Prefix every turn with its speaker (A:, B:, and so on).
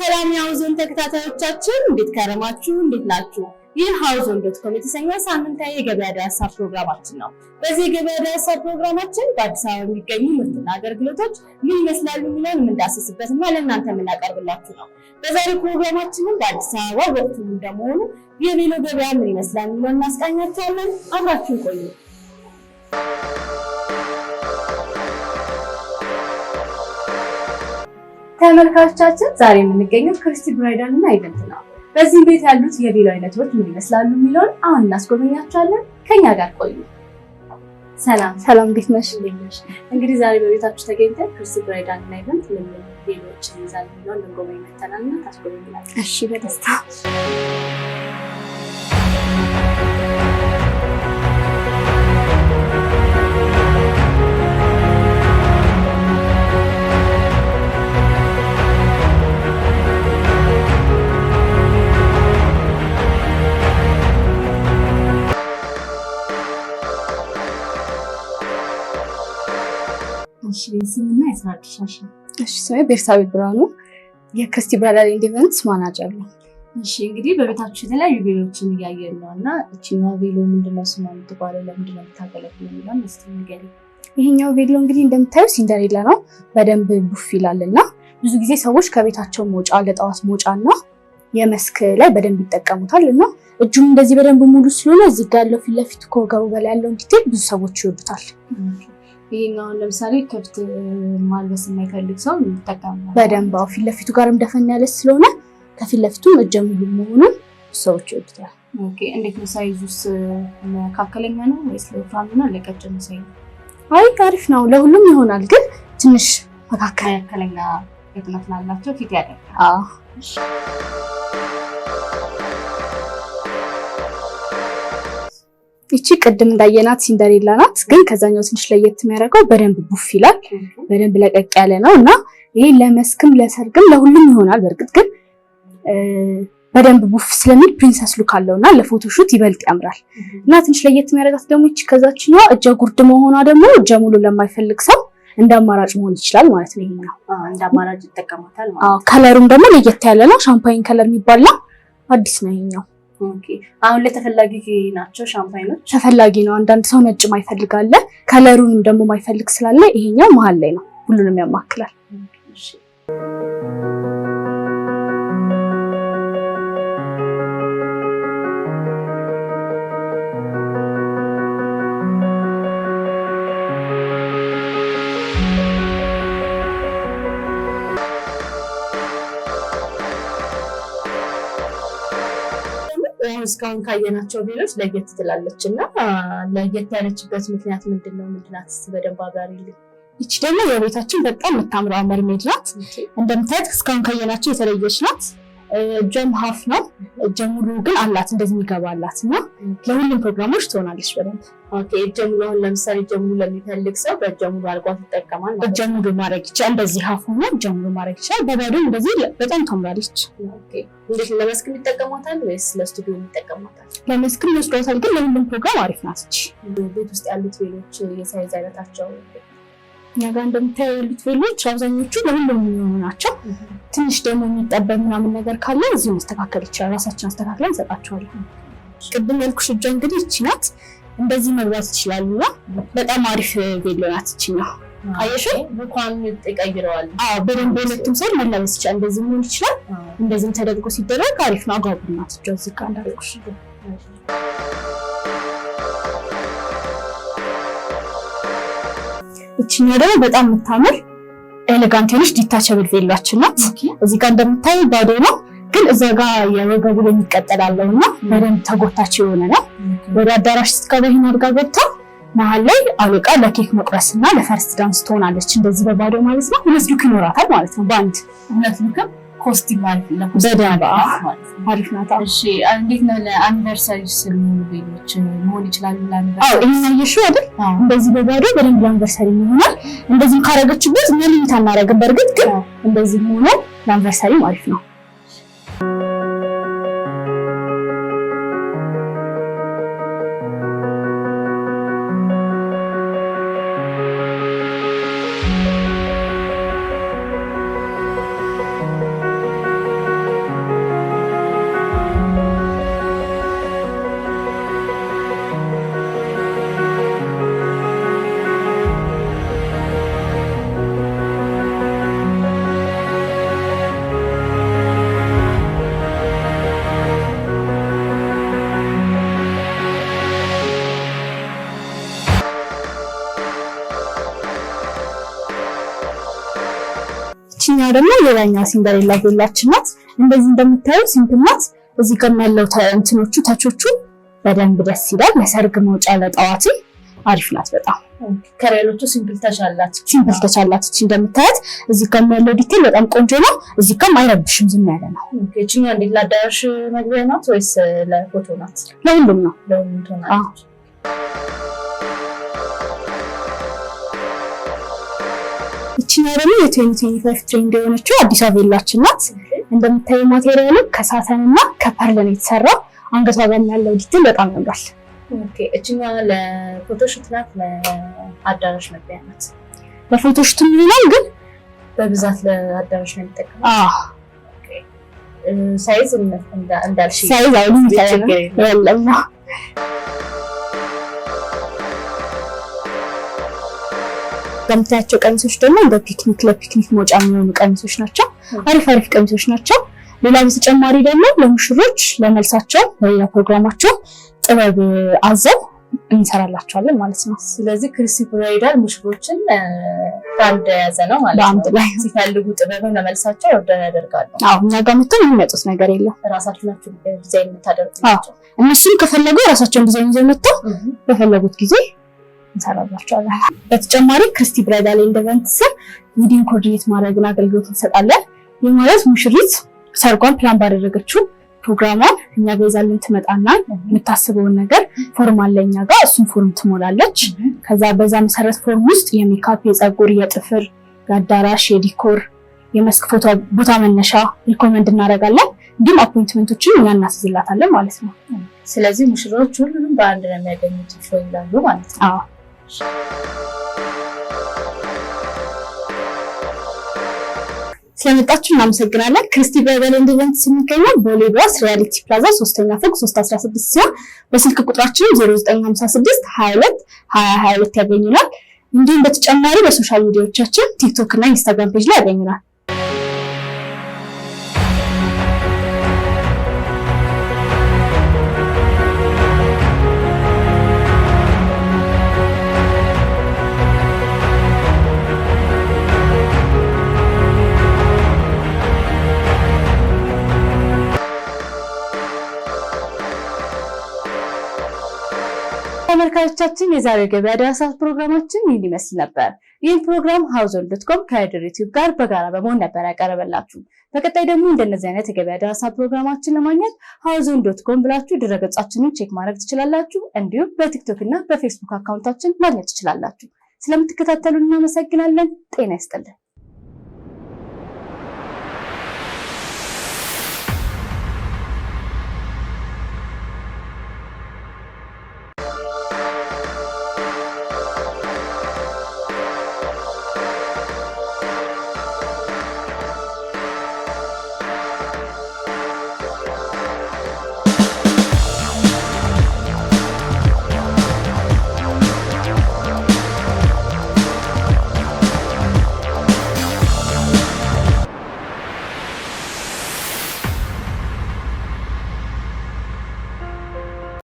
A: ሰላም የሃውዞን ተከታታዮቻችን እንዴት ከረማችሁ? እንዴት ናችሁ? ይህ ሀውዞን ዶት ኮም የተሰኘ ሳምንታዊ የገበያ ዳሰሳ ፕሮግራማችን ነው። በዚህ የገበያ ዳሰሳ ፕሮግራማችን በአዲስ አበባ የሚገኙ ምርትና አገልግሎቶች ምን ይመስላሉ የሚለውን የምንዳሰስበት እና ለእናንተ የምናቀርብላችሁ ነው። በዛሬ ፕሮግራማችንም በአዲስ አበባ ወቅቱ እንደመሆኑ የሌሎ ገበያ ምን ይመስላል የሚለውን እናስቃኛችኋለን። አብራችሁን ቆዩ። ተመልካቾቻችን ዛሬ የምንገኘው ክርስቲ ብራይዳል እና ኢቨንት ነው። በዚህ ቤት ያሉት የቢሎ አይነቶች ምን ይመስላሉ የሚለውን አሁን እናስጎበኛቸዋለን። ከኛ ጋር ቆዩ። ሰላም
B: ሰላም፣ እንዴት ነሽ?
A: እንግዲህ ዛሬ በቤታችሁ ተገኝተን ክርስቲ ብራይዳል እና ኢቨንት ምን ምን ቢሎዎችን ይዛል የሚለውን ልንጎበኝ መተናል እና ታስጎበኝላችሁ።
B: እሺ፣ በደስታ የስራ ድርሻሽ?
A: እሺ ስሜ ቤርሳቤት ብርሃኑ የክርስቲ ብራዳሪ ኢንዲቨንስ ማናጀር ነው።
B: እሺ እንግዲህ በቤታችሁ የተለያዩ ቤሎችን እያየን ነው እና እችኛ ቤሎ ምንድነው ስማ የምትባለው ለምንድነው የምታገለግለው የሚለው መስ ንገሪ።
A: ይሄኛው ቤሎ እንግዲህ እንደምታዩ ሲንደሬላ ነው። በደንብ ቡፍ ይላል እና ብዙ ጊዜ ሰዎች ከቤታቸው መውጫ ለጠዋት መውጫ እና የመስክ ላይ በደንብ ይጠቀሙታል እና እጁም እንደዚህ በደንብ ሙሉ ስለሆነ እዚህ ጋ ያለው ፊት ለፊት ከወገቡ በላይ ያለውን ዲቴል ብዙ ሰዎች ይወዱታል።
B: ይሄኛውን ለምሳሌ ከብት ማልበስ የማይፈልግ ሰው ይጠቀማል።
A: በደንብ አዎ፣ ፊት ለፊቱ ጋርም ደፈን ያለ ስለሆነ ከፊት ለፊቱም እጀ ሙሉ መሆኑን ሰዎች ይወዱታል።
B: ኦኬ፣ እንዴት ነው ሳይዙስ? መካከለኛ ነው ወይስ ለወፍራም ነው ለቀጭን ሳይ?
A: አይ አሪፍ ነው፣ ለሁሉም ይሆናል። ግን ትንሽ መካከለኛ
B: ቅጥነት ላላቸው ፊት ያደርጋል።
A: አዎ ይቺ ቅድም እንዳየናት ሲንደሬላ ናት። ግን ከዛኛው ትንሽ ለየት የሚያደርገው በደንብ ቡፍ ይላል፣ በደንብ ለቀቅ ያለ ነው እና ይሄ ለመስክም ለሰርግም ለሁሉም ይሆናል። በእርግጥ ግን በደንብ ቡፍ ስለሚል ፕሪንሰስ ሉክ አለው እና ለፎቶሹት ይበልጥ ያምራል እና ትንሽ ለየት የሚያደርጋት ደግሞ ይቺ ከዛችኛዋ እጀ ጉርድ መሆኗ ደግሞ እጀ ሙሉ ለማይፈልግ ሰው እንደ አማራጭ መሆን ይችላል ማለት ነው። ነው
B: እንደ አማራጭ ይጠቀማታል
A: ማለት ነው። ከለሩም ደግሞ ለየት ያለ ነው። ሻምፓይን ከለር የሚባል ነው። አዲስ ነው ይሄኛው።
B: አሁን ላይ ተፈላጊ ናቸው ሻምፓይኖች?
A: ተፈላጊ ነው። አንዳንድ ሰው ነጭ ማይፈልግ አለ። ከለሩንም ደግሞ ማይፈልግ ስላለ ይሄኛው መሀል ላይ ነው፣ ሁሉንም ያማክላል።
B: እስካሁን ካየናቸው ቢሮች ለየት ትላለች እና ለየት ያለችበት ምክንያት ምንድን ነው? ምንድናት? እስኪ በደንብ አብራሪልን።
A: ይቺ ደግሞ የቤታችን በጣም የምታምረዋ መርሜድ ናት። እንደምታየት እስካሁን ካየናቸው የተለየች ናት። ጀም ሀፍ ነው። ጀሙሉ ግን አላት እንደዚህ የሚገባ አላት እና ለሁሉም ፕሮግራሞች ትሆናለች በደንብ
B: ጀሙሉ። አሁን ለምሳሌ ጀሙሉ ለሚፈልግ ሰው በጀሙሉ አልጓት ይጠቀማል።
A: በጀሙሉ ማድረግ ይችላል። እንደዚህ ሀፍ ሆኖ ጀሙሉ ማድረግ ይችላል። በባዶ እንደዚህ በጣም ታምራለች።
B: እንዴት ለመስክም ይጠቀሟታል ወይስ ለስቱዲዮ ይጠቀሟታል?
A: ለመስክም ይወስዷታል፣ ግን ለሁሉም ፕሮግራም አሪፍ ናት።
B: ቤት ውስጥ ያሉት ሌሎች የሳይዝ አይነታቸው
A: እኛ ጋር እንደምታየው ያሉት ቬሎች አብዛኞቹ ለሁሉም የሚሆኑ ናቸው። ትንሽ ደግሞ የሚጠበብ ምናምን ነገር ካለ እዚሁ መስተካከል ይችላል። ራሳችን አስተካክለን እንሰጣቸዋለን። ቅድም ያልኩሽ እጇ እንግዲህ ይቺ ናት። እንደዚህ መግባት ይችላሉ። በጣም አሪፍ ቬሎ ናት ይችኛ አየሽ
B: እንኳን ይቀይረዋል።
A: በደንብ ሁለቱም ሰው መላበስ ይችላል። እንደዚህ መሆን ይችላል። እንደዚህም ተደርጎ ሲደረግ አሪፍ ነው። አጓጉናት እጇ ዝጋ እንዳልኩሽ እችኛው ደግሞ በጣም የምታምር ኤሌጋንት የሆነች ዲታቸብል ቬላችን ናት። እዚህ ጋር እንደምታዩ ባዶ ነው፣ ግን እዛ ጋ የወገቡ ላይ የሚቀጠል አለው እና በደንብ ተጎታቸው የሆነ ነው። ወደ አዳራሽ ስትገባ ይህን አድጋ ገብታ መሀል ላይ አለቃ ለኬክ መቁረስ እና ለፈርስት ዳንስ ትሆናለች። እንደዚህ በባዶ ማለት ነው። ሁለት ዱክ ይኖራታል ማለት ነው በአንድ
B: ሁለት ዱክም ኮስቲም
A: ለበዳባ አሪፍ ናት።
B: እንዴት ነው ለአኒቨርሳሪ ስለሆኑ ቤሎች መሆን ይችላሉ።
A: ይህን አየሽው አይደል? እንደዚህ በባዶ በደንብ ለአኒቨርሳሪ ይሆናል። እንደዚህም ካረገችበት ምን አናረግም። በእርግጥ ግን እንደዚህ ሆኖ ለአኒቨርሳሪ አሪፍ ነው። ይችኛው ደግሞ ሌላኛው ሲንደሬላ ቬላችን ናት። እንደዚህ እንደምታዩ ሲምፕል እዚህ ጋር ያለው እንትኖቹ ተቾቹ በደንብ ደስ ይላል። ለሰርግ መውጫ ለጠዋት አሪፍ ናት በጣም
B: ከሌሎቹ ሲምፕል ተቻላት
A: ሲምፕል ተቻላት። እቺ እንደምታያት እዚህ ጋር ያለው ዲቴል በጣም ቆንጆ ነው። እዚህ ጋር አይረብሽም፣ ዝም ያለ ነው።
B: እቺኛ እንዴት ላዳርሽ መግቢያ ናት ወይስ ለፎቶ ናት? ለሁሉም ነው። ለሁሉም
A: ናት። ይችኛው ደግሞ የቴኒቴኒፋይፍ ትሬንድ የሆነችው አዲስ አበባችን ናት። እንደምታዩ ማቴሪያሉ ከሳተን እና ከፐርል ነው የተሰራው። አንገቷ ጋር ያለው ዲቴል በጣም ያምራል።
B: እችኛ ለፎቶሽት ናት፣ ለአዳራሽ መግቢያ ናት።
A: ለፎቶሽት የሚሆናል ግን
B: በብዛት ለአዳራሽ ነው የሚጠቀመው። ሳይዝ እንዳልሽ
A: ሳይዝ አይሉም የለም ነው ከምታያቸው ቀሚሶች ደግሞ በፒክኒክ ለፒክኒክ መውጫ የሚሆኑ ቀሚሶች ናቸው። አሪፍ አሪፍ ቀሚሶች ናቸው። ሌላ በተጨማሪ ደግሞ ለሙሽሮች ለመልሳቸው ወይ ለፕሮግራማቸው ጥበብ አዘብ እንሰራላቸዋለን ማለት ነው።
B: ስለዚህ ክርስቲ ብራይዳል ሙሽሮችን በአንድ የያዘ ነው ማለት ነው። በአንድ ላይ ሲፈልጉ ጥበብን ለመልሳቸው ወደን ያደርጋሉ።
A: አዎ እኛ ጋር መጥተን የሚመጡት ነገር የለም።
B: ራሳችሁ ናችሁ ዲዛይን የምታደርጉ
A: እነሱም ከፈለጉ ራሳቸውን ዲዛይን ይዘው መጥተው በፈለጉት ጊዜ እንሰራላቸዋለን። በተጨማሪ ክርስቲ ብራይዳል ኤንድ ስር ዊዲንግ ኮርዲኔት ማድረግን አገልግሎት እንሰጣለን። ይህ ማለት ሙሽሪት ሰርጓን ፕላን ባደረገችው ፕሮግራሟን እኛ ጋር ይዛልን ትመጣና የምታስበውን ነገር ፎርም አለ እኛ ጋር እሱን ፎርም ትሞላለች። ከዛ በዛ መሰረት ፎርም ውስጥ የሜካፕ፣ የፀጉር፣ የጥፍር፣ የአዳራሽ፣ የዲኮር፣ የመስክ ቦታ መነሻ ሪኮመንድ እናደርጋለን። እንዲሁም አፖይንትመንቶችን እኛ እናስዝላታለን ማለት ነው።
B: ስለዚህ ሙሽሮች ሁሉንም በአንድ ነው የሚያገኙት ይላሉ ማለት
A: ነው። ስለመጣችሁ እናመሰግናለን። ክርስቲ በበል ኢቨንትስ የሚገኘው ቦሌባስ ሪያሊቲ ፕላዛ ሶስተኛ ፎቅ ሶስት ሲሆን በስልክ ቁጥራችን ዜሮ ዘጠኝ ሀምሳ ስድስት ሀያ ሁለት ሀያ ሀያ ሁለት ያገኙናል። እንዲሁም በተጨማሪ በሶሻል ሚዲያዎቻችን ቲክቶክ እና ኢንስታግራም ፔጅ ላይ ያገኙናል። ተመልካቾቻችን የዛሬ ገበያ ዳሰሳ ፕሮግራማችን ይህን ይመስል ነበር። ይህን ፕሮግራም ሀውዞን ዶት ከድር ዩቲዩብ ጋር በጋራ በመሆን ነበር ያቀረበላችሁ። በቀጣይ ደግሞ እንደነዚህ አይነት የገበያ ዳሰሳ ፕሮግራማችን ለማግኘት ሀውዞን ዶትኮም ብላችሁ ድረገጻችንን ቼክ ማድረግ ትችላላችሁ። እንዲሁም በቲክቶክ እና በፌስቡክ አካውንታችን ማግኘት ትችላላችሁ። ስለምትከታተሉን እናመሰግናለን። ጤና ይስጥልን።